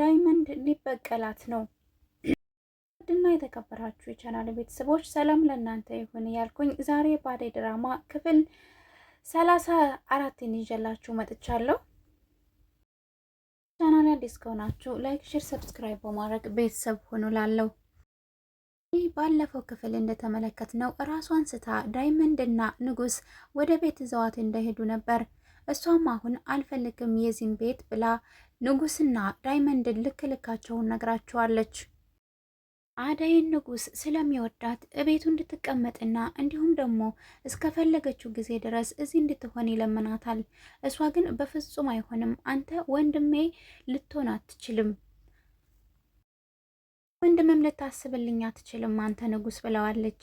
ዳይመንድ ሊበቀላት ነው። ድና የተከበራችሁ የቻናል ቤተሰቦች ሰላም ለእናንተ ይሁን ያልኩኝ ዛሬ ባደይ ድራማ ክፍል ሰላሳ አራትን ይዤላችሁ መጥቻለሁ። ቻናል አዲስ ከሆናችሁ ላይክ፣ ሼር፣ ሰብስክራይብ በማድረግ ቤተሰብ ሆኑ ላለው ይህ ባለፈው ክፍል እንደተመለከትነው ራሷን ስታ ዳይመንድና ንጉስ ወደ ቤት ዘዋት እንደሄዱ ነበር። እሷም አሁን አልፈልግም የዚህን ቤት ብላ ንጉስና ዳይመንድን ልክ ልካቸውን ነግራቸዋለች። አዳይን ንጉስ ስለሚወዳት እቤቱ እንድትቀመጥና እንዲሁም ደግሞ እስከፈለገችው ጊዜ ድረስ እዚህ እንድትሆን ይለምናታል። እሷ ግን በፍጹም አይሆንም፣ አንተ ወንድሜ ልትሆን አትችልም፣ ወንድምም ልታስብልኝ አትችልም አንተ ንጉስ ብለዋለች።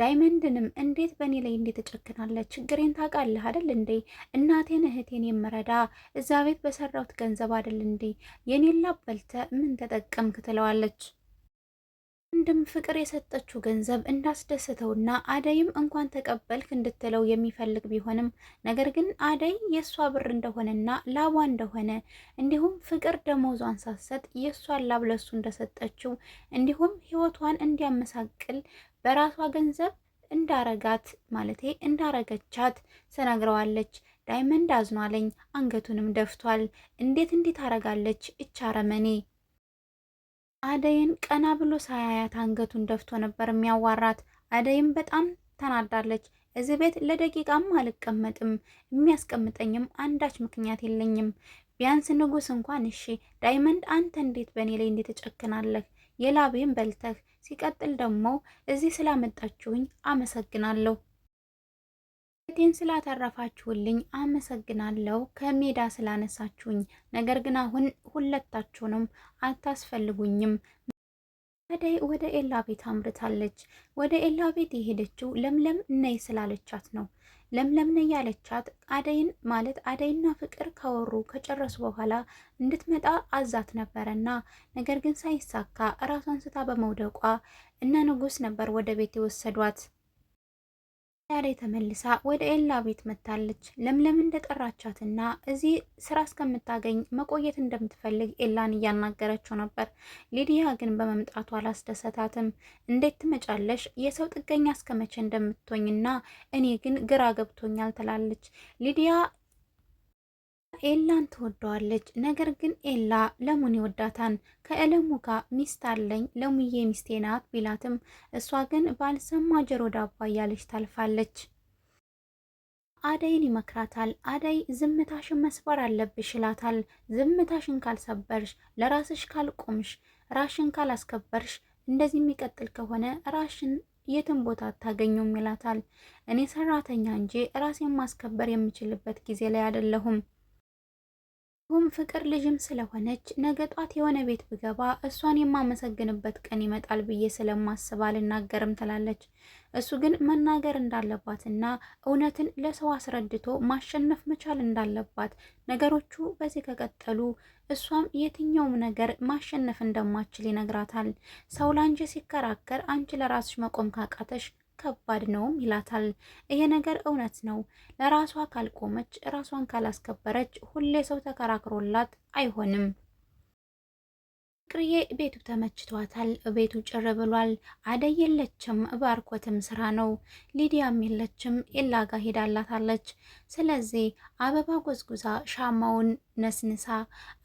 ዳይመንድንም እንዴት በእኔ ላይ እንዴት ተጨክናለች? ችግሬን ታውቃለህ አደል እንዴ? እናቴን እህቴን የምረዳ እዛ ቤት በሰራሁት ገንዘብ አደል እንዴ? የኔን ላብ በልተህ ምን ተጠቀምክ? ትለዋለች። ወንድም ፍቅር የሰጠችው ገንዘብ እንዳስደሰተውና አደይም እንኳን ተቀበልክ እንድትለው የሚፈልግ ቢሆንም ነገር ግን አደይ የእሷ ብር እንደሆነና ላቧ እንደሆነ እንዲሁም ፍቅር ደሞዟን ሳትሰጥ የእሷን ላብ ለሱ እንደሰጠችው እንዲሁም ሕይወቷን እንዲያመሳቅል በራሷ ገንዘብ እንዳረጋት ማለቴ እንዳረገቻት ተናግረዋለች። ዳይመንድ አዝኗለኝ፣ አንገቱንም ደፍቷል። እንዴት እንዴት አረጋለች አረመኔ አደይን ቀና ብሎ ሳያያት አንገቱን ደፍቶ ነበር የሚያዋራት። አደይም በጣም ተናዳለች። እዚህ ቤት ለደቂቃም አልቀመጥም፣ የሚያስቀምጠኝም አንዳች ምክንያት የለኝም። ቢያንስ ንጉስ እንኳን እሺ፣ ዳይመንድ አንተ እንዴት በእኔ ላይ እንደተጨክናለህ? የላቤን በልተህ ሲቀጥል ደግሞ እዚህ ስላመጣችሁኝ አመሰግናለሁ። ቤቴን ስላተረፋችሁልኝ አመሰግናለሁ። ከሜዳ ስላነሳችሁኝ። ነገር ግን አሁን ሁለታችሁንም አታስፈልጉኝም። አደይ ወደ ኤላ ቤት አምርታለች። ወደ ኤላ ቤት የሄደችው ለምለም እነይ ስላለቻት ነው። ለምለምነ ያለቻት አደይን ማለት አደይና ፍቅር ካወሩ ከጨረሱ በኋላ እንድትመጣ አዛት ነበረና ነገር ግን ሳይሳካ እራሷን ስታ በመውደቋ እነ ንጉስ ነበር ወደ ቤት የወሰዷት። ያሬ ተመልሳ ወደ ኤላ ቤት መታለች ለምለም እንደጠራቻትና እዚህ ስራ እስከምታገኝ መቆየት እንደምትፈልግ ኤላን እያናገረችው ነበር። ሊዲያ ግን በመምጣቱ አላስደሰታትም። እንዴት ትመጫለሽ? የሰው ጥገኛ እስከመቼ እንደምትሆኝና እኔ ግን ግራ ገብቶኛል ትላለች ሊዲያ ኤላን ትወደዋለች። ነገር ግን ኤላ ለሙን ይወዳታል። ከእለሙ ጋር ሚስት አለኝ ለሙዬ ሚስቴ ናት ቢላትም እሷ ግን ባልሰማ ጆሮ ዳባ እያለች ታልፋለች። አደይን ይመክራታል። አደይ ዝምታሽን መስበር አለብሽ ይላታል። ዝምታሽን ካልሰበርሽ፣ ለራስሽ ካልቆምሽ፣ ራሽን ካላስከበርሽ እንደዚህ የሚቀጥል ከሆነ ራሽን የትን ቦታ አታገኙም ይላታል። እኔ ሰራተኛ እንጂ ራሴን ማስከበር የምችልበት ጊዜ ላይ አይደለሁም ሁም ፍቅር ልጅም ስለሆነች ነገ ጧት የሆነ ቤት ብገባ እሷን የማመሰግንበት ቀን ይመጣል ብዬ ስለማስብ አልናገርም ትላለች። እሱ ግን መናገር እንዳለባትና እውነትን ለሰው አስረድቶ ማሸነፍ መቻል እንዳለባት ነገሮቹ በዚህ ከቀጠሉ እሷም የትኛውም ነገር ማሸነፍ እንደማችል ይነግራታል። ሰው ለአንቺ ሲከራከር አንቺ ለራስሽ መቆም ካቃተሽ ከባድ ነውም ይላታል። ይሄ ነገር እውነት ነው። ለራሷ ካልቆመች፣ ራሷን ካላስከበረች ሁሌ ሰው ተከራክሮላት አይሆንም። ፍቅርዬ ቤቱ ተመችቷታል። ቤቱ ጭር ብሏል። አደይ የለችም፣ ባርኮትም ስራ ነው። ሊዲያም የለችም፣ የላጋ ሄዳላታለች። ስለዚህ አበባ ጎዝጉዛ ሻማውን ነስንሳ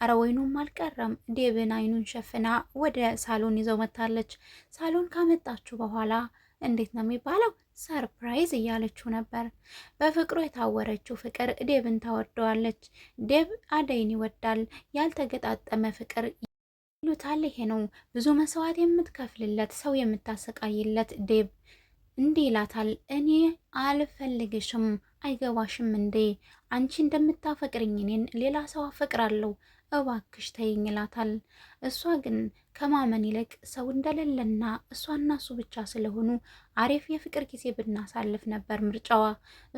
እረ ወይኑም አልቀረም። ዴብን አይኑን ሸፍና ወደ ሳሎን ይዘው መታለች። ሳሎን ካመጣችሁ በኋላ እንዴት ነው የሚባለው ሰርፕራይዝ እያለችው ነበር። በፍቅሩ የታወረችው ፍቅር ዴብን ታወርደዋለች። ዴብ አደይን ይወዳል። ያልተገጣጠመ ፍቅር ይሉታል። ይሄ ነው ብዙ መስዋዕት የምትከፍልለት ሰው የምታሰቃይለት ዴብ እንዲህ ይላታል። እኔ አልፈልግሽም፣ አይገባሽም እንዴ አንቺ እንደምታፈቅርኝ እኔን ሌላ ሰው አፈቅራለሁ እባክሽ ተይኝ ይላታል። እሷ ግን ከማመን ይልቅ ሰው እንደሌለና እሷና እሱ ብቻ ስለሆኑ አሪፍ የፍቅር ጊዜ ብናሳልፍ ነበር ምርጫዋ።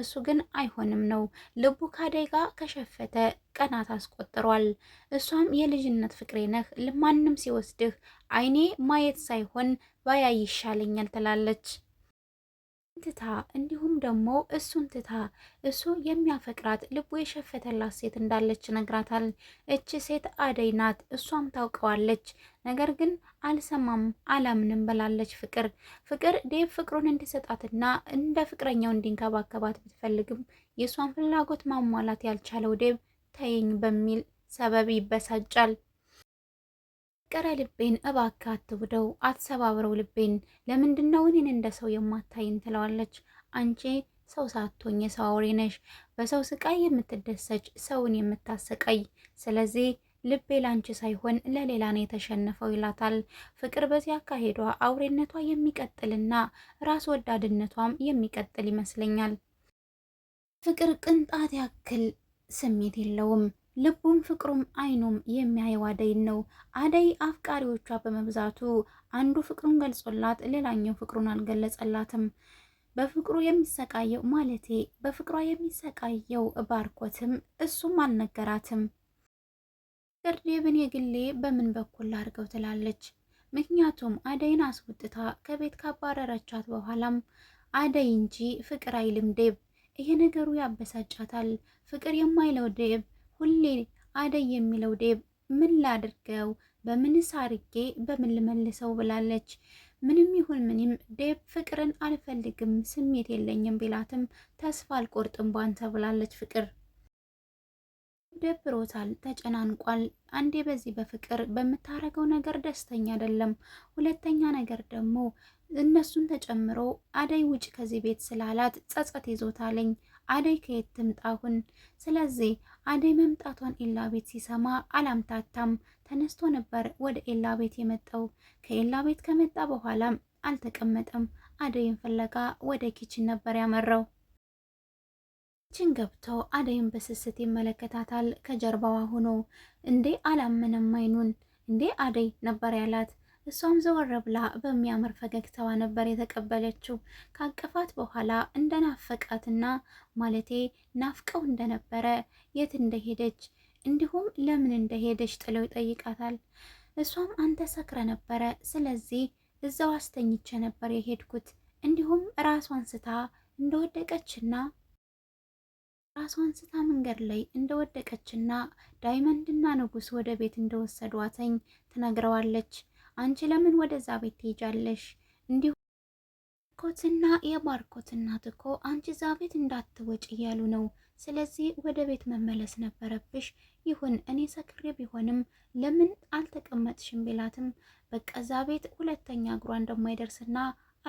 እሱ ግን አይሆንም ነው ልቡ ካደጋ ከሸፈተ ቀናት አስቆጥሯል። እሷም የልጅነት ፍቅሬ ነህ፣ ልማንም ሲወስድህ አይኔ ማየት ሳይሆን ባያይ ይሻለኛል ትላለች። ትታ እንዲሁም ደግሞ እሱን ትታ እሱ የሚያፈቅራት ልቡ የሸፈተላት ሴት እንዳለች ነግራታል። እች ሴት አደይ ናት፣ እሷም ታውቀዋለች። ነገር ግን አልሰማም አላምንም ብላለች። ፍቅር ፍቅር ዴቭ ፍቅሩን እንዲሰጣትና እንደ ፍቅረኛው እንዲንከባከባት ብትፈልግም የእሷን ፍላጎት ማሟላት ያልቻለው ዴቭ ተይኝ በሚል ሰበብ ይበሳጫል። ፍቅረ ልቤን እባክ አትውደው አትሰባብረው ልቤን ለምንድን ነው እኔን እንደ ሰው የማታይን ትለዋለች። አንቺ ሰው ሳትሆኝ የሰው አውሬ ነሽ፣ በሰው ስቃይ የምትደሰች ሰውን የምታሰቃይ ስለዚህ ልቤ ላንቺ ሳይሆን ለሌላ ነው የተሸነፈው ይላታል። ፍቅር በዚህ አካሄዷ አውሬነቷ የሚቀጥልና ራስ ወዳድነቷም የሚቀጥል ይመስለኛል። ፍቅር ቅንጣት ያክል ስሜት የለውም። ልቡም ፍቅሩም አይኑም የሚያየው አደይን ነው። አደይ አፍቃሪዎቿ በመብዛቱ አንዱ ፍቅሩን ገልጾላት፣ ሌላኛው ፍቅሩን አልገለጸላትም። በፍቅሩ የሚሰቃየው ማለቴ በፍቅሯ የሚሰቃየው ባርኮትም እሱም አልነገራትም። ቅርዴብን የግሌ በምን በኩል አድርገው ትላለች። ምክንያቱም አደይን አስወጥታ ከቤት ካባረረቻት በኋላም አደይ እንጂ ፍቅር አይልም ዴብ። ይሄ ነገሩ ያበሳጫታል። ፍቅር የማይለው ዴብ ሁሌ አደይ የሚለው ዴብ ምን ላድርገው፣ በምንስ አርጌ በምን ልመልሰው ብላለች። ምንም ይሁን ምንም ዴብ ፍቅርን አልፈልግም ስሜት የለኝም ቢላትም ተስፋ አልቆርጥም ባንተ ብላለች። ፍቅር ደብሮታል፣ ተጨናንቋል። አንዴ በዚህ በፍቅር በምታረገው ነገር ደስተኛ አይደለም። ሁለተኛ ነገር ደግሞ እነሱን ተጨምሮ አደይ ውጭ ከዚህ ቤት ስላላት ጸጸት ይዞታለኝ። አደይ ከየት ትምጣሁን? ስለዚህ አደይ መምጣቷን ኤላ ቤት ሲሰማ አላምታታም። ተነስቶ ነበር ወደ ኤላ ቤት የመጣው። ከኤላ ቤት ከመጣ በኋላም አልተቀመጠም። አደይን ፍለጋ ወደ ኪችን ነበር ያመራው። ኪችን ገብቶ አደይን በስስት ይመለከታታል ከጀርባዋ ሆኖ። እንዴ አላመነም አይኑን። እንዴ አደይ ነበር ያላት። እሷም ዘወር ብላ በሚያምር ፈገግታዋ ነበር የተቀበለችው። ካቀፋት በኋላ እንደናፈቃትና ማለቴ ናፍቀው እንደነበረ የት እንደሄደች እንዲሁም ለምን እንደሄደች ጥለው ይጠይቃታል። እሷም አንተ ሰክረ ነበረ፣ ስለዚህ እዛው አስተኝቼ ነበር የሄድኩት። እንዲሁም ራሷን ስታ እንደወደቀችና ራሷን ስታ መንገድ ላይ እንደወደቀችና ዳይመንድና ንጉስ ወደ ቤት እንደወሰዷትኝ ትነግረዋለች። አንቺ ለምን ወደዛ ቤት ትሄጃለሽ? እንዲሁ ባርኮትና የባርኮት እናት እኮ አንቺ እዛ ቤት እንዳትወጪ እያሉ ነው። ስለዚህ ወደ ቤት መመለስ ነበረብሽ። ይሁን እኔ ሰክሬ ቢሆንም ለምን አልተቀመጥሽም ቢላትም በቃ እዛ ቤት ሁለተኛ እግሯ እንደማይደርስና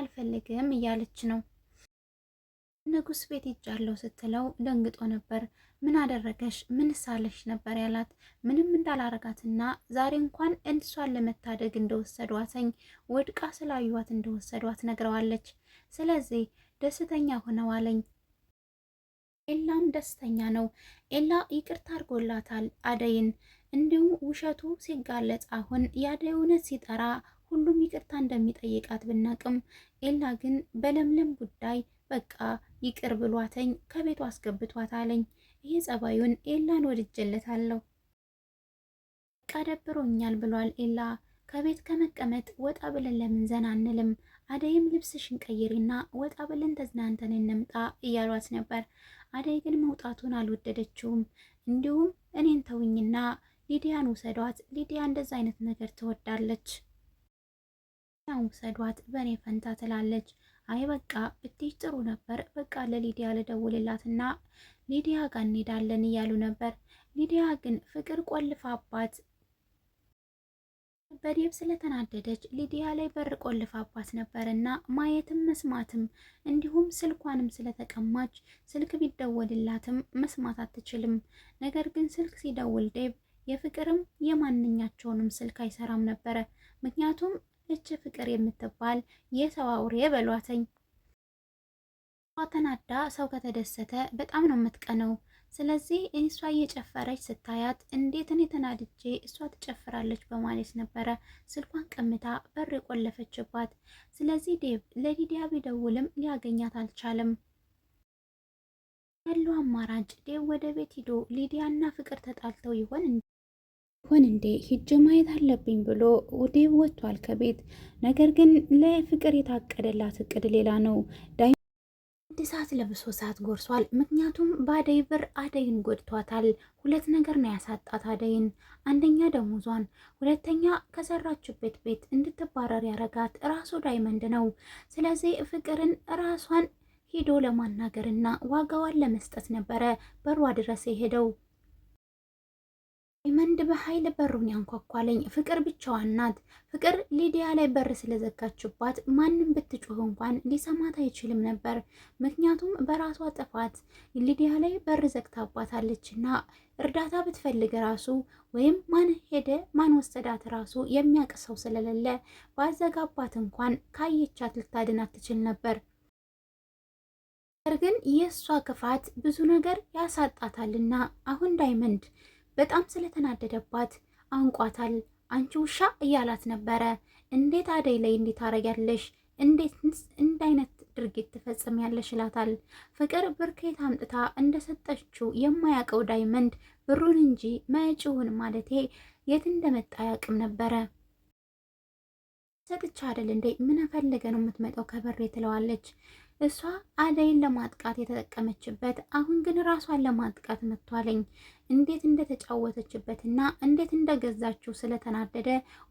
አልፈልግም እያለች ነው ንጉስ ቤት ይጃለው ስትለው ደንግጦ ነበር። ምን አደረገሽ? ምን ሳለሽ ነበር ያላት። ምንም እንዳላረጋትና ዛሬ እንኳን እንሷን ለመታደግ እንደወሰዷትኝ ወድቃ ስላዩዋት እንደወሰዷት ነግረዋለች። ስለዚህ ደስተኛ ሆነዋለኝ። ኤላም ደስተኛ ነው። ኤላ ይቅርታ አድርጎላታል አደይን። እንዲሁም ውሸቱ ሲጋለጽ አሁን የአደይ እውነት ሲጠራ ሁሉም ይቅርታ እንደሚጠይቃት ብናቅም ኤላ ግን በለምለም ጉዳይ በቃ ይቅር ብሏተኝ ከቤቱ አስገብቷት አለኝ። ይህ ጸባዩን ኤላን ወድጀለታለሁ። በቃ ደብሮኛል ብሏል ኤላ። ከቤት ከመቀመጥ ወጣ ብለን ለምን ዘና አንልም? አደይም ልብስሽን ቀይሪና ወጣ ብለን ተዝናንተን እንምጣ እያሏት ነበር። አደይ ግን መውጣቱን አልወደደችውም። እንዲሁም እኔን ተውኝና ሊዲያን ውሰዷት፣ ሊዲያ እንደዛ አይነት ነገር ትወዳለች፣ ውሰዷት በእኔ ፈንታ ትላለች። አይ በቃ ብትሄጅ ጥሩ ነበር፣ በቃ ለሊዲያ ልደውልላትና ሊዲያ ጋር እንሄዳለን እያሉ ነበር። ሊዲያ ግን ፍቅር ቆልፋባት በዴብ ስለተናደደች ሊዲያ ላይ በር ቆልፋባት አባት እና ማየትም መስማትም እንዲሁም ስልኳንም ስለተቀማች ስልክ ቢደወልላትም መስማት አትችልም። ነገር ግን ስልክ ሲደውል ዴብ የፍቅርም የማንኛቸውንም ስልክ አይሰራም ነበረ ምክንያቱም እች ፍቅር የምትባል የሰው አውሬ በሏተኝ። ተናዳ ሰው ከተደሰተ በጣም ነው የምትቀነው። ስለዚህ እሷ እየጨፈረች ስታያት እንዴት እኔ ተናድጄ እሷ ትጨፍራለች በማለት ነበረ ስልኳን ቀምታ በር የቆለፈችባት። ስለዚህ ዴቭ ለሊዲያ ቢደውልም ሊያገኛት አልቻለም። ያለው አማራጭ ዴቭ ወደ ቤት ሂዶ ሊዲያና ፍቅር ተጣልተው ይሆን ሆን እንዴ ሂጄ ማየት አለብኝ ብሎ ወደ ወጥቷል ከቤት። ነገር ግን ለፍቅር የታቀደላት እቅድ ሌላ ነው። እድሳት ለብሶ ሰዓት ጎርሷል። ምክንያቱም በአደይ ብር አደይን ጎድቷታል። ሁለት ነገር ነው ያሳጣት አደይን፣ አንደኛ ደሞዟን፣ ሁለተኛ ከሰራችበት ቤት እንድትባረር ያረጋት ራሱ ዳይመንድ ነው። ስለዚህ ፍቅርን ራሷን ሄዶ ለማናገርና ዋጋዋን ለመስጠት ነበረ በሯ ድረስ የሄደው። ዳይመንድ በኃይል በሩን ያንኳኳለኝ ፍቅር ብቻዋን ናት። ፍቅር ሊዲያ ላይ በር ስለዘጋችባት ማንም ብትጮህ እንኳን ሊሰማት አይችልም ነበር። ምክንያቱም በራሷ ጥፋት ሊዲያ ላይ በር ዘግታባታለችና እርዳታ ብትፈልግ ራሱ ወይም ማን ሄደ ማን ወሰዳት ራሱ የሚያውቅ ሰው ስለሌለ ባዘጋባት እንኳን ካየቻት ልታድናት ትችል ነበር። ነገር ግን የእሷ ክፋት ብዙ ነገር ያሳጣታልና አሁን ዳይመንድ በጣም ስለተናደደባት አንቋታል። አንቺ ውሻ እያላት ነበረ። እንዴት አደይ ላይ እንዴት ታረጊያለሽ? እንዴት እንደ አይነት ድርጊት ትፈጽሚያለሽ? ይላታል። ፍቅር ብርኬት አምጥታ እንደሰጠችው የማያውቀው ዳይመንድ ብሩን እንጂ መጪውን ማለቴ የት እንደመጣ ያውቅም ነበረ። ሰጥቻ አደል እንዴ ምን ፈልገ ነው የምትመጣው ከበሬ ትለዋለች። እሷ አደይን ለማጥቃት የተጠቀመችበት አሁን ግን ራሷን ለማጥቃት መጥቷለኝ እንዴት እንደተጫወተችበትና እንዴት እንደገዛችው ስለተናደደ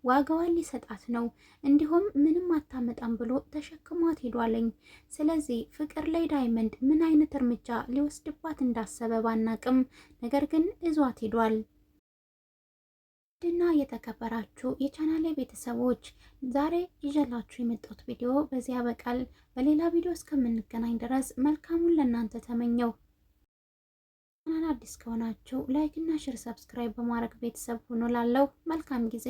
ዋጋዋን ሊሰጣት ነው፣ እንዲሁም ምንም አታመጣም ብሎ ተሸክሟት ሄዷለኝ። ስለዚህ ፍቅር ላይ ዳይመንድ ምን አይነት እርምጃ ሊወስድባት እንዳሰበ ባናቅም፣ ነገር ግን እዟት ሄዷል። ድና የተከበራችሁ የቻናሌ ቤተሰቦች ዛሬ ይዤላችሁ የመጣሁት ቪዲዮ በዚህ ያበቃል። በሌላ ቪዲዮ እስከምንገናኝ ድረስ መልካሙን ለእናንተ ተመኘው። ቻናል አዲስ ከሆናችሁ ላይክ እና ሼር ሰብስክራይብ በማድረግ ቤተሰብ ሁኑ። ላለው መልካም ጊዜ